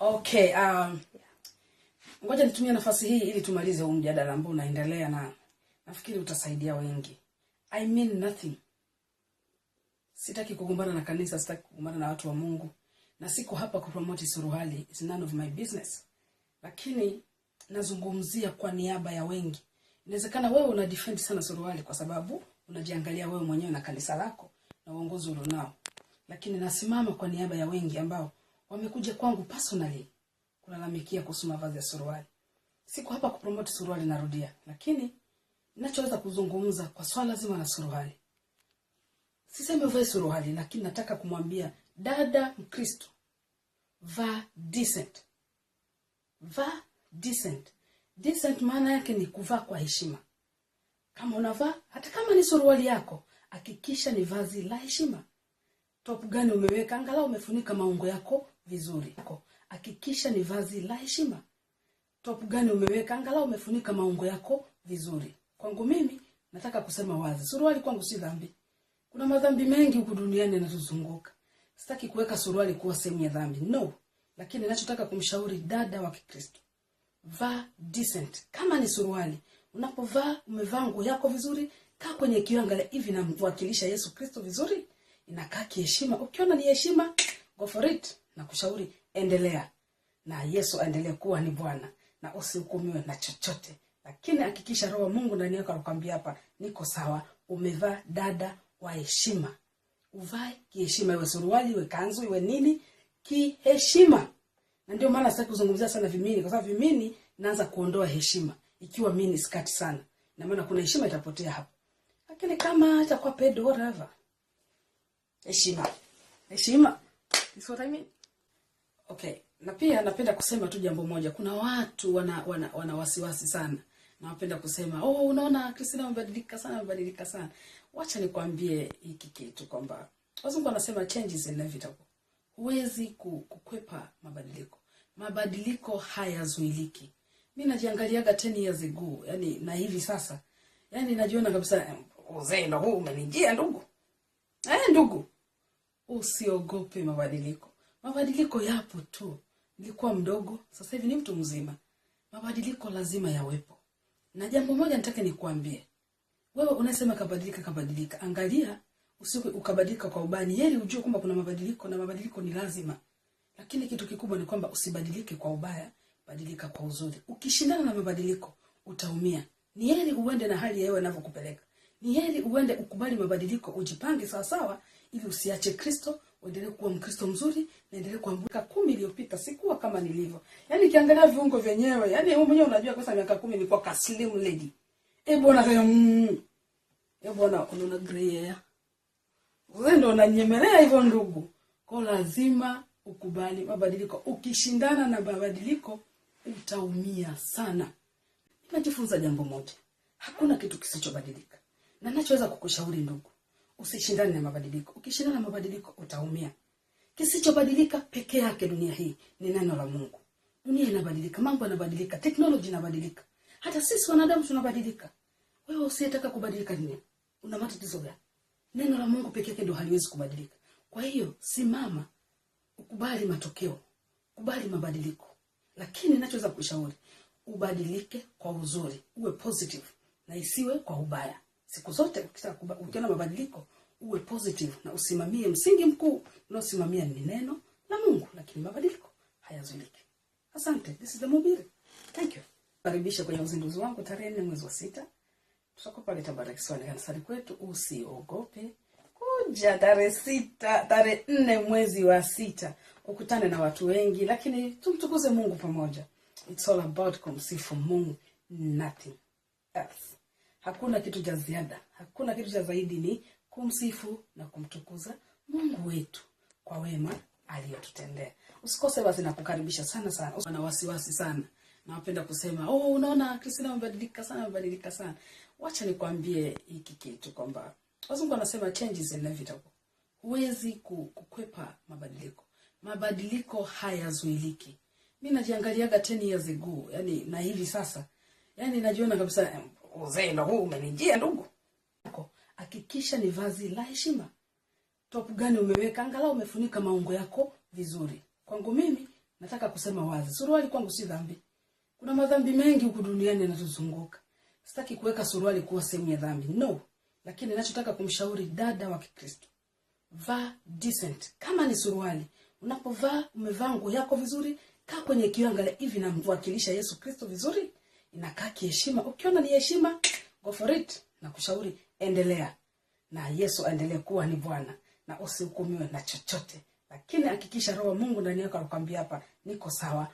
Okay, um, ngoja nitumie nafasi hii ili tumalize huu mjadala ambao unaendelea na nafikiri utasaidia wengi. I mean nothing. Sitaki kugombana na kanisa, sitaki kugombana na watu wa Mungu na siko hapa kupromoti suruhali, it's none of my business, lakini nazungumzia kwa niaba ya wengi. Inawezekana wewe una defend sana suruhali kwa sababu unajiangalia wewe mwenyewe na kanisa lako na uongozi ulionao, lakini nasimama kwa niaba ya wengi ambao wamekuja kwangu personally kulalamikia kuhusu mavazi ya suruali. Siko hapa kupromote suruali, narudia, lakini ninachoweza kuzungumza kwa swala zima la suruali, sisemi uvae suruali, lakini nataka kumwambia dada Mkristo, va decent, va decent. Decent maana yake ni kuvaa kwa heshima. Kama unavaa hata kama ni suruali yako, hakikisha ni vazi la heshima. Top gani umeweka? Angalau umefunika maungo yako vizuri. Hakikisha ni vazi la heshima. Top gani umeweka, angalau umefunika maungo yako vizuri. Kwangu mimi nataka kusema wazi, suruali kwangu si dhambi. Kuna madhambi mengi huku duniani yanatuzunguka, sitaki kuweka suruali kuwa sehemu ya dhambi, no. Lakini ninachotaka kumshauri dada wa Kikristo, vaa decent. Kama ni suruali, unapovaa umevaa nguo yako vizuri, kaa kwenye kioo, hivi namwakilisha Yesu Kristo vizuri, inakaa kiheshima. Ukiona ni heshima, go for it na kushauri endelea na Yesu aendelee kuwa ni Bwana na usihukumiwe na chochote, lakini hakikisha roho Mungu ndani yako alikwambia hapa, niko sawa. Umevaa dada wa heshima, uvae kiheshima, iwe suruali iwe kanzu iwe nini, kiheshima. Na ndio maana sitaki kuzungumzia sana vimini, kwa sababu vimini naanza kuondoa heshima. Ikiwa mini skati sana, na maana kuna heshima itapotea hapo, lakini kama atakuwa pedo whatever, heshima heshima is what I mean. Okay, na pia napenda kusema tu jambo moja. Kuna watu wana, wana, wana wasiwasi sana na wapenda kusema oh, unaona kristina amebadilika sana, amebadilika sana. Wacha nikwambie hiki kitu kwamba wazungu wanasema change is inevitable. Huwezi kukwepa mabadiliko, mabadiliko hayazuiliki. Mi najiangaliaga 10 years ago, yani na hivi sasa, yani najiona kabisa uzee ndo huu umenijia ndugu. Eh, ndugu, usiogope mabadiliko. Mabadiliko yapo tu. Nilikuwa mdogo, sasa hivi ni mtu mzima. Mabadiliko lazima yawepo, na jambo moja nataka nikuambie wewe, unasema kabadilika, kabadilika, angalia usiku ukabadilika kwa ubani, yeli ujue kwamba kuna mabadiliko na mabadiliko ni lazima, lakini kitu kikubwa ni kwamba usibadilike kwa ubaya, badilika kwa uzuri. Ukishindana na mabadiliko utaumia. Ni yeli uende na hali ya hewa anavyokupeleka ni heri uende ukubali mabadiliko, ujipange sawasawa, ili usiache Kristo, uendelee kuwa Mkristo mzuri, naendelee kuwa miaka kumi iliyopita sikuwa kama nilivyo. Yaani kiangalia viungo vyenyewe, yaani wewe mwenyewe unajua kwa miaka kumi nilikuwa ka slim lady. Eh bwana kaya mm. Eh bwana unaona grey hair. Wewe ndio unanyemelea hivyo ndugu. Kwa lazima ukubali mabadiliko. Ukishindana na mabadiliko utaumia sana. Najifunza jambo moja. Hakuna kitu kisichobadilika. Na nachoweza kukushauri ndugu, usishindane na mabadiliko. Ukishindana na mabadiliko utaumia. Kisichobadilika pekee yake dunia hii ni neno la Mungu. Dunia inabadilika, mambo yanabadilika, teknolojia inabadilika, hata sisi wanadamu tunabadilika. Wewe usiyetaka kubadilika nini una matatizo gani? Neno la Mungu pekee yake ndio haliwezi kubadilika. Kwa hiyo simama, ukubali matokeo, kubali mabadiliko, lakini ninachoweza kushauri ubadilike kwa uzuri, uwe positive na isiwe kwa ubaya siku zote ukitaka ukiona mabadiliko uwe positive na usimamie msingi mkuu unaosimamia ni neno la Mungu, lakini mabadiliko hayazuliki Asante, this is the mobile. Thank you. Karibisha kwenye uzinduzi wangu tarehe nne mwezi wa sita, tutakuwa pale Tabata Kisiwani kanisani kwetu. Usiogope kuja tarehe sita, tarehe nne mwezi wa sita, ukutane na watu wengi, lakini tumtukuze Mungu pamoja. It's all about kumsifu Mungu, nothing else. Hakuna kitu cha ziada, hakuna kitu cha zaidi, ni kumsifu na kumtukuza Mungu wetu kwa wema aliyotutendea. Usikose basi, nakukaribisha sana sana. Una wasiwasi sana, nawapenda kusema oh, unaona Christina amebadilika sana, amebadilika sana. Wacha nikwambie hiki kitu kwamba wazungu wanasema change is inevitable. Huwezi kukwepa mabadiliko, mabadiliko hayazuiliki. Mi najiangaliaga 10 years ago, yani na hivi sasa, yani najiona kabisa Uzeno huu umenijia ndugu. Hakikisha ni vazi la heshima. Top gani umeweka? Angalau umefunika maungo yako vizuri. Kwangu mimi nataka kusema wazi, suruali kwangu si dhambi. Kuna madhambi mengi huku duniani yanatuzunguka. Sitaki kuweka suruali kuwa sehemu ya dhambi, no. Lakini ninachotaka kumshauri dada wa Kikristo, vaa decent. Kama ni suruali, unapovaa umevaa nguo yako vizuri, kaa kwenye kioo, angalia hivi, namwakilisha Yesu Kristo vizuri? inakaa kiheshima. Ukiona ni heshima, go for it. kushauri endelea na Yesu, aendelee kuwa ni Bwana na usihukumiwe na chochote, lakini hakikisha Roho Mungu ndani yako anakuambia hapa, niko sawa